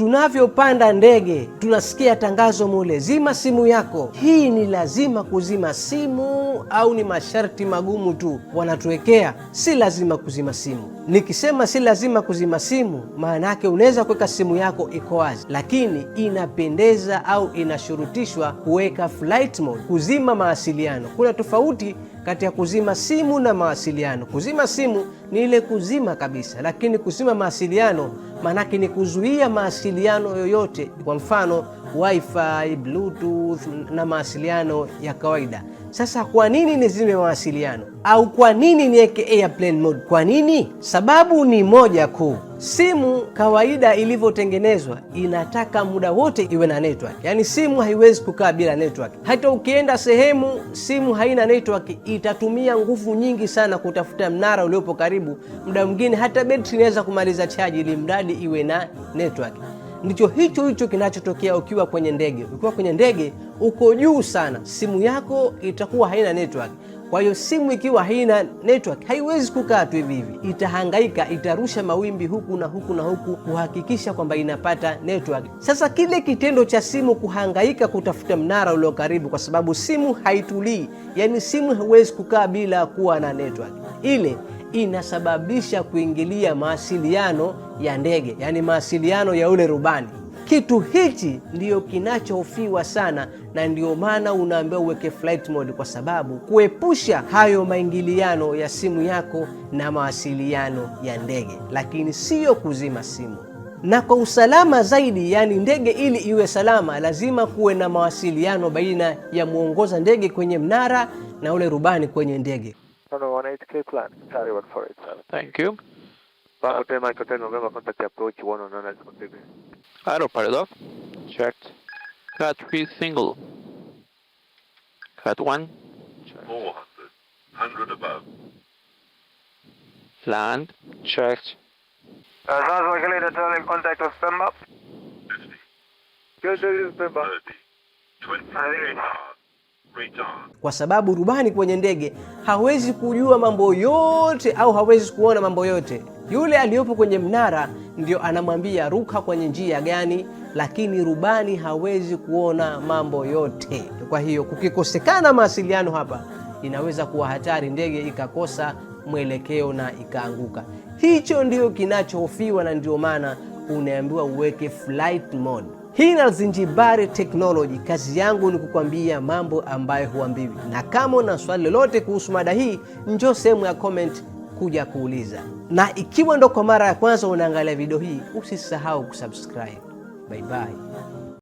Tunavyopanda ndege tunasikia tangazo mule, zima simu yako. Hii ni lazima kuzima simu au ni masharti magumu tu wanatuwekea? Si lazima kuzima simu. Nikisema si lazima kuzima simu, maana yake unaweza kuweka simu yako iko wazi, lakini inapendeza au inashurutishwa kuweka flight mode, kuzima mawasiliano. Kuna tofauti kati ya kuzima simu na mawasiliano. Kuzima simu ni ile kuzima kabisa, lakini kuzima mawasiliano maanake ni kuzuia mawasiliano yoyote, kwa mfano wifi, bluetooth na mawasiliano ya kawaida. Sasa kwa nini nizime mawasiliano au kwa nini niweke airplane mode? Kwa nini? Sababu ni moja kuu. Simu kawaida ilivyotengenezwa inataka muda wote iwe na network, yaani simu haiwezi kukaa bila network. Hata ukienda sehemu simu haina network, itatumia nguvu nyingi sana kutafuta mnara uliopo karibu. Muda mwingine hata betri inaweza kumaliza chaji, ili mradi iwe na network ndicho hicho hicho kinachotokea ukiwa kwenye ndege. Ukiwa kwenye ndege uko juu sana, simu yako itakuwa haina network. Kwa hiyo simu ikiwa haina network haiwezi kukaa tu hivi hivi, itahangaika, itarusha mawimbi huku na huku na huku kuhakikisha kwamba inapata network. Sasa kile kitendo cha simu kuhangaika kutafuta mnara ulio karibu, kwa sababu simu haitulii, yani simu haiwezi kukaa bila kuwa na network ile inasababisha kuingilia mawasiliano ya ndege, yaani mawasiliano ya ule rubani. Kitu hichi ndiyo kinachohofiwa sana, na ndiyo maana unaambiwa uweke flight mode, kwa sababu kuepusha hayo maingiliano ya simu yako na mawasiliano ya ndege, lakini siyo kuzima simu. Na kwa usalama zaidi, yaani ndege ili iwe salama, lazima kuwe na mawasiliano baina ya mwongoza ndege kwenye mnara na ule rubani kwenye ndege. 8K plan. for it. Uh, thank you. Bravo uh, 10, Mike Hotel November, contact approach 109 as contiguous. Aeroport off. Checked. Cat 3 single. Cat 1. 400. 100 above. Land. Checked. As going to Galita Charlie, contact with Spemba. 50. Good, 30. 20. 20. kwa sababu rubani kwenye ndege hawezi kujua mambo yote au hawezi kuona mambo yote. Yule aliyopo kwenye mnara ndio anamwambia ruka kwenye njia gani, lakini rubani hawezi kuona mambo yote. Kwa hiyo kukikosekana mawasiliano hapa, inaweza kuwa hatari, ndege ikakosa mwelekeo na ikaanguka. Hicho ndio kinachohofiwa, na ndio maana unaambiwa uweke flight mode. Hii ni Alzenjbary Technology. Kazi yangu ni kukwambia mambo ambayo huambiwi, na kama una swali lolote kuhusu mada hii, njoo sehemu ya comment kuja kuuliza. Na ikiwa ndo kwa mara ya kwanza unaangalia video hii, usisahau kusubscribe. Bye bye.